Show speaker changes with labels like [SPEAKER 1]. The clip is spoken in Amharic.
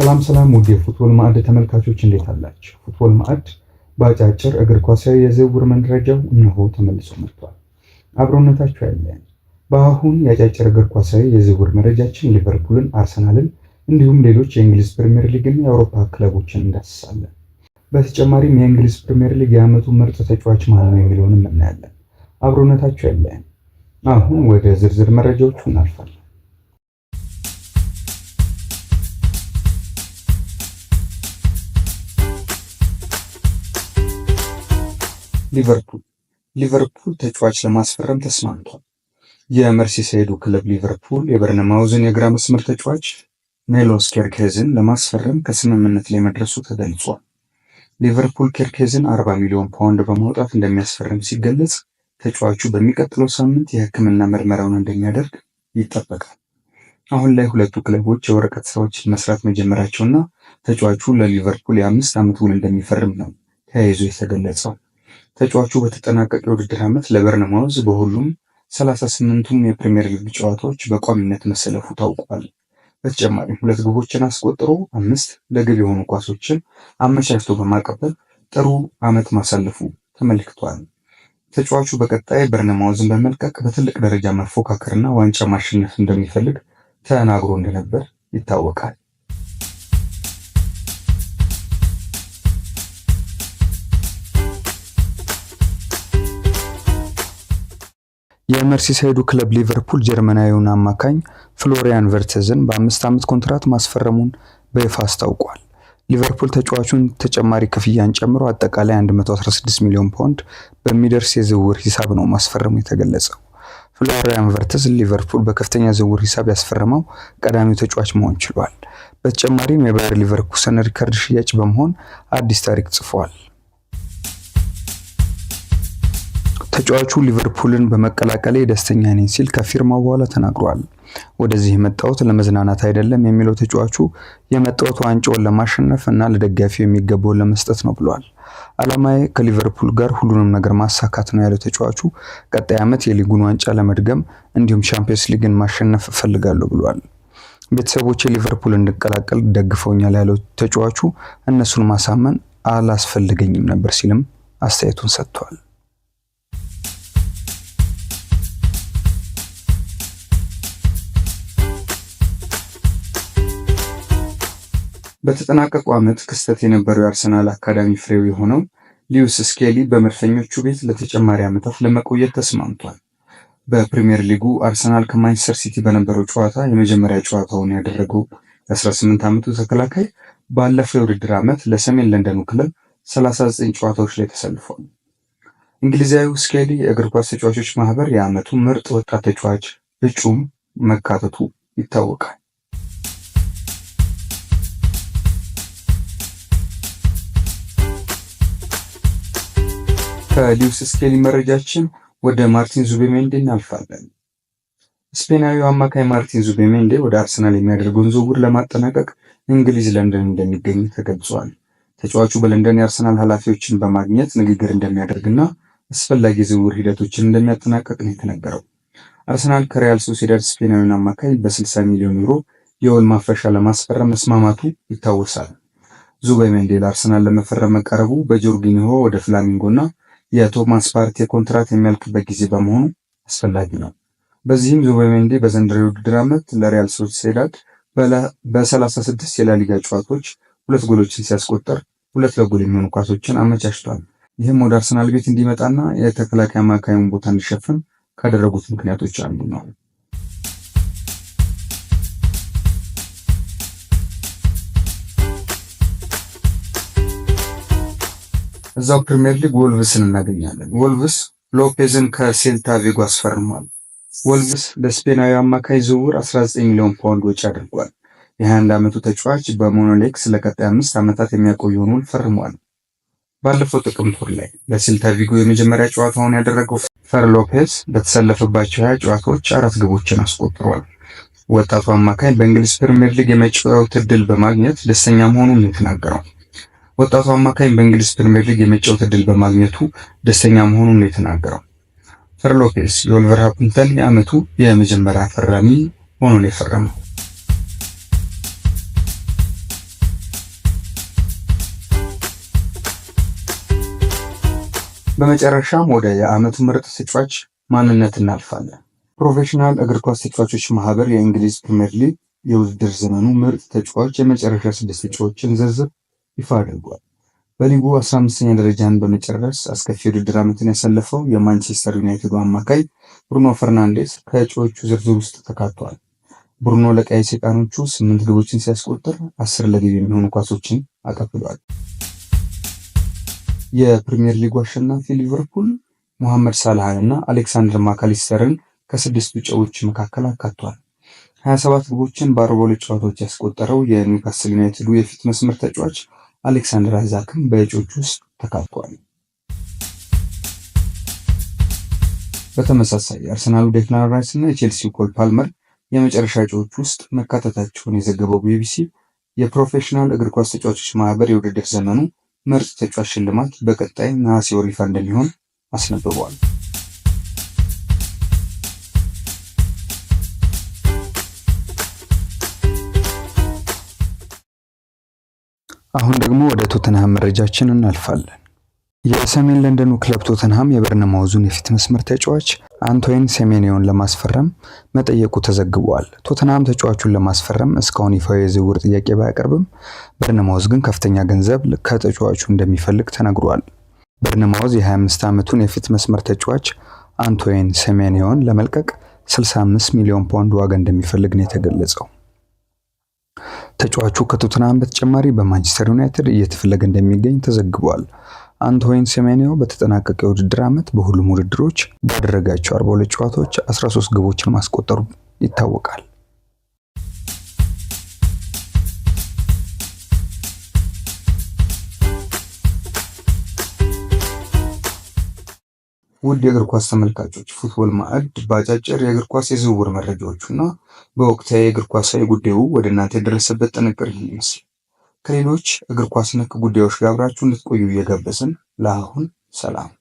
[SPEAKER 1] ሰላም ሰላም ውድ የፉትቦል ማዕድ ተመልካቾች እንዴት አላችሁ? ፉትቦል ማዕድ በአጫጭር እግር ኳሳዊ የዝውውር መረጃው እነሆ ተመልሶ መጥቷል። አብሮነታችሁ ያለን በአሁን የአጫጭር እግር ኳሳዊ የዝውውር መረጃችን ሊቨርፑልን፣ አርሰናልን እንዲሁም ሌሎች የእንግሊዝ ፕሪምየር ሊግን የአውሮፓ ክለቦችን እንዳስሳለን። በተጨማሪም የእንግሊዝ ፕሪምየር ሊግ የዓመቱ ምርጥ ተጫዋች ማን ነው የሚለውንም እናያለን። አብሮነታችሁ ያለን አሁን ወደ ዝርዝር መረጃዎቹ እናልፋለን።
[SPEAKER 2] ሊቨርፑል ሊቨርፑል ተጫዋች ለማስፈረም ተስማምቷል። የመርሲሳይዱ ክለብ ሊቨርፑል የበርነማውዝን የግራ መስመር ተጫዋች ሜሎስ ኬርኬዝን ለማስፈረም ከስምምነት ላይ መድረሱ ተገልጿል። ሊቨርፑል ኬርኬዝን 40 ሚሊዮን ፓውንድ በማውጣት እንደሚያስፈርም ሲገለጽ ተጫዋቹ በሚቀጥለው ሳምንት የሕክምና ምርመራውን እንደሚያደርግ ይጠበቃል። አሁን ላይ ሁለቱ ክለቦች የወረቀት ስራዎች መስራት መጀመራቸውና ተጫዋቹ ለሊቨርፑል የአምስት ዓመት ውል እንደሚፈርም ነው ተያይዞ የተገለጸው። ተጫዋቹ በተጠናቀቀ የውድድር ዓመት ለበርንማውዝ በሁሉም 38ቱም የፕሪሚየር ሊግ ጨዋታዎች በቋሚነት መሰለፉ ታውቋል። በተጨማሪም ሁለት ግቦችን አስቆጥሮ አምስት ለግብ የሆኑ ኳሶችን አመቻችቶ በማቀበል ጥሩ ዓመት ማሳለፉ ተመልክቷል። ተጫዋቹ በቀጣይ በርንማውዝን በመልቀቅ በትልቅ ደረጃ መፎካከርና ዋንጫ ማሸነፍ እንደሚፈልግ ተናግሮ እንደነበር ይታወቃል።
[SPEAKER 3] የመርሲሳይዱ ክለብ ሊቨርፑል ጀርመናዊውን አማካኝ ፍሎሪያን ቨርተዝን በአምስት ዓመት ኮንትራት ማስፈረሙን በይፋ አስታውቋል። ሊቨርፑል ተጫዋቹን ተጨማሪ ክፍያን ጨምሮ አጠቃላይ 116 ሚሊዮን ፓውንድ በሚደርስ የዝውውር ሂሳብ ነው ማስፈረሙ የተገለጸው። ፍሎሪያን ቨርተዝ ሊቨርፑል በከፍተኛ ዝውውር ሂሳብ ያስፈረመው ቀዳሚው ተጫዋች መሆን ችሏል። በተጨማሪም የባየር ሊቨርኩሰን ሪከርድ ሽያጭ በመሆን አዲስ ታሪክ ጽፏል። ተጫዋቹ ሊቨርፑልን በመቀላቀሌ ደስተኛ ነኝ ሲል ከፊርማው በኋላ ተናግሯል። ወደዚህ የመጣሁት ለመዝናናት አይደለም የሚለው ተጫዋቹ የመጣሁት ዋንጫውን ለማሸነፍ እና ለደጋፊው የሚገባውን ለመስጠት ነው ብሏል። አላማዬ ከሊቨርፑል ጋር ሁሉንም ነገር ማሳካት ነው ያለው ተጫዋቹ ቀጣይ ዓመት የሊጉን ዋንጫ ለመድገም እንዲሁም ቻምፒየንስ ሊግን ማሸነፍ እፈልጋለሁ ብሏል። ቤተሰቦች ሊቨርፑል እንድቀላቀል ደግፈውኛል ያለው ተጫዋቹ እነሱን ማሳመን አላስፈልገኝም ነበር ሲልም አስተያየቱን ሰጥቷል።
[SPEAKER 4] በተጠናቀቁ ዓመት ክስተት የነበረው የአርሰናል አካዳሚ ፍሬው የሆነው ሊዩስ ስኬሊ በመድፈኞቹ ቤት ለተጨማሪ ዓመታት ለመቆየት ተስማምቷል። በፕሪምየር ሊጉ አርሰናል ከማንቸስተር ሲቲ በነበረው ጨዋታ የመጀመሪያ ጨዋታውን ያደረገው የ18 ዓመቱ ተከላካይ ባለፈው የውድድር ዓመት ለሰሜን ለንደኑ ክለብ 39 ጨዋታዎች ላይ ተሰልፏል። እንግሊዛዊ ስኬሊ የእግር ኳስ ተጫዋቾች ማህበር የዓመቱ ምርጥ ወጣት ተጫዋች እጩም መካተቱ ይታወቃል።
[SPEAKER 5] ከሊዩስ ስኬሊ መረጃችን ወደ ማርቲን ዙቤሜንዴ እናልፋለን። ስፔናዊው አማካይ ማርቲን ዙቤሜንዴ ወደ አርሰናል የሚያደርገውን ዝውውር ለማጠናቀቅ እንግሊዝ ለንደን እንደሚገኝ ተገልጿል። ተጫዋቹ በለንደን የአርሰናል ኃላፊዎችን በማግኘት ንግግር እንደሚያደርግና አስፈላጊ ዝውውር ሂደቶችን እንደሚያጠናቀቅ ነው የተነገረው። አርሰናል ከሪያል ሶሲዳድ ስፔናዊን አማካይ በ60 ሚሊዮን ዩሮ የውል ማፍረሻ ለማስፈረም መስማማቱ ይታወሳል። ዙቤሜንዴ ለአርሰናል ለመፈረም መቀረቡ በጆርጊኒሆ ወደ ፍላሚንጎና የቶማስ ፓርቲ ኮንትራት የሚያልቅበት ጊዜ በመሆኑ አስፈላጊ ነው። በዚህም ዙቢሜንዲ በዘንድሮው የውድድር ዓመት ለሪያል ሶሲዳድ በ36 የላሊጋ ጨዋታዎች ሁለት ጎሎችን ሲያስቆጠር ሁለት ለጎል የሚሆኑ ኳሶችን አመቻችቷል። ይህም ወደ አርሰናል ቤት እንዲመጣና የተከላካይ አማካዩን ቦታ እንዲሸፍን ካደረጉት ምክንያቶች አንዱ ነው።
[SPEAKER 6] እዛው ፕሪሚየር ሊግ ወልቭስን እናገኛለን። ወልቭስ ሎፔዝን ከሴልታ ቪጎ አስፈርሟል። ወልቭስ ለስፔናዊ አማካይ ዝውውር 19 ሚሊዮን ፓውንድ ወጪ አድርጓል። የ21 ዓመቱ ተጫዋች በሞኖሌክስ ለቀጣይ አምስት ዓመታት የሚያቆየውን ውል ፈርሟል። ባለፈው ጥቅምት ወር ላይ ለሴልታ ቪጎ የመጀመሪያ ጨዋታውን ያደረገው ፈር ሎፔዝ በተሰለፈባቸው ሀያ ጨዋታዎች አራት ግቦችን አስቆጥሯል። ወጣቱ አማካይ በእንግሊዝ ፕሪሚየር ሊግ የመጫወት ዕድል በማግኘት ደስተኛ መሆኑን የተናገረው ወጣቱ አማካኝ በእንግሊዝ ፕሪምየር ሊግ የመጫወት እድል በማግኘቱ ደስተኛ መሆኑን ነው የተናገረው። ፈር ሎፔዝ የወልቨርሃምፕተን የዓመቱ የመጀመሪያ ፈራሚ መሆኑን የፈረመው
[SPEAKER 7] በመጨረሻም ወደ የዓመቱ ምርጥ ተጫዋች ማንነት እናልፋለን። ፕሮፌሽናል እግር ኳስ ተጫዋቾች ማህበር የእንግሊዝ ፕሪምየር ሊግ የውድድር ዘመኑ ምርጥ ተጫዋች የመጨረሻ ስድስት ተጫዋቾችን ዝርዝር ይፋ አድርጓል። በሊጉ 15ኛ ደረጃን በመጨረስ አስከፊ ውድድር ዓመትን ያሳለፈው የማንቸስተር ዩናይትዱ አማካይ ብሩኖ ፈርናንዴስ ከእጩዎቹ ዝርዝር ውስጥ ተካቷል። ብሩኖ ለቀይ ሰይጣኖቹ ስምንት ግቦችን ሲያስቆጥር አስር ለግብ የሚሆኑ ኳሶችን አቀብሏል።
[SPEAKER 8] የፕሪሚየር ሊጉ አሸናፊ ሊቨርፑል ሞሐመድ ሳላህን እና አሌክሳንደር ማካሊስተርን ከስድስቱ ጨዎች መካከል አካቷል። 27 ግቦችን በአርባ ሁለት ጨዋታዎች ያስቆጠረው የኒውካስል ዩናይትዱ የፊት መስመር ተጫዋች አሌክሳንደር አይዛክም በእጩዎች ውስጥ ተካቷል።
[SPEAKER 9] በተመሳሳይ የአርሰናሉ ዴክላን ራይስ እና የቼልሲው ኮል ፓልመር የመጨረሻ እጩዎች ውስጥ መካተታቸውን የዘገበው ቢቢሲ የፕሮፌሽናል እግር ኳስ ተጫዋቾች ማህበር የውድድር ዘመኑ ምርጥ ተጫዋች ሽልማት በቀጣይ ነሐሴ ወር ይፋ እንደሚሆን አስነብበዋል።
[SPEAKER 10] አሁን ደግሞ ወደ ቶተንሃም መረጃችን እናልፋለን። የሰሜን ለንደኑ ክለብ ቶተንሃም የበርነማውዙን የፊት መስመር ተጫዋች አንቶይን ሴሜኒዮን ለማስፈረም መጠየቁ ተዘግቧል። ቶተንሃም ተጫዋቹን ለማስፈረም እስካሁን ይፋዊ የዝውውር ጥያቄ ባያቀርብም በርነማውዝ ግን ከፍተኛ ገንዘብ ከተጫዋቹ እንደሚፈልግ ተነግሯል። በርነማውዝ የ25 ዓመቱን የፊት መስመር ተጫዋች አንቶይን ሴሜኒዮን ለመልቀቅ 65 ሚሊዮን ፓውንድ ዋጋ እንደሚፈልግ ነው የተገለጸው። ተጫዋቹ ከቶትናም በተጨማሪ በማንቸስተር ዩናይትድ እየተፈለገ እንደሚገኝ ተዘግቧል። አንቶይን ሴሜኒዮ በተጠናቀቀ የውድድር ዓመት በሁሉም ውድድሮች ባደረጋቸው 42 ጨዋታዎች 13 ግቦችን ማስቆጠሩ ይታወቃል።
[SPEAKER 11] ውድ የእግር ኳስ ተመልካቾች ፉትቦል ማዕድ በአጫጭር የእግር ኳስ የዝውውር መረጃዎቹ እና በወቅታዊ የእግር ኳሳዊ ጉዳዩ ወደ እናንተ የደረሰበት ጥንቅር ይህን ይመስል ከሌሎች እግር ኳስ ነክ ጉዳዮች ጋብራችሁ አብራችሁ እንድትቆዩ እየጋበዝን ለአሁን ሰላም።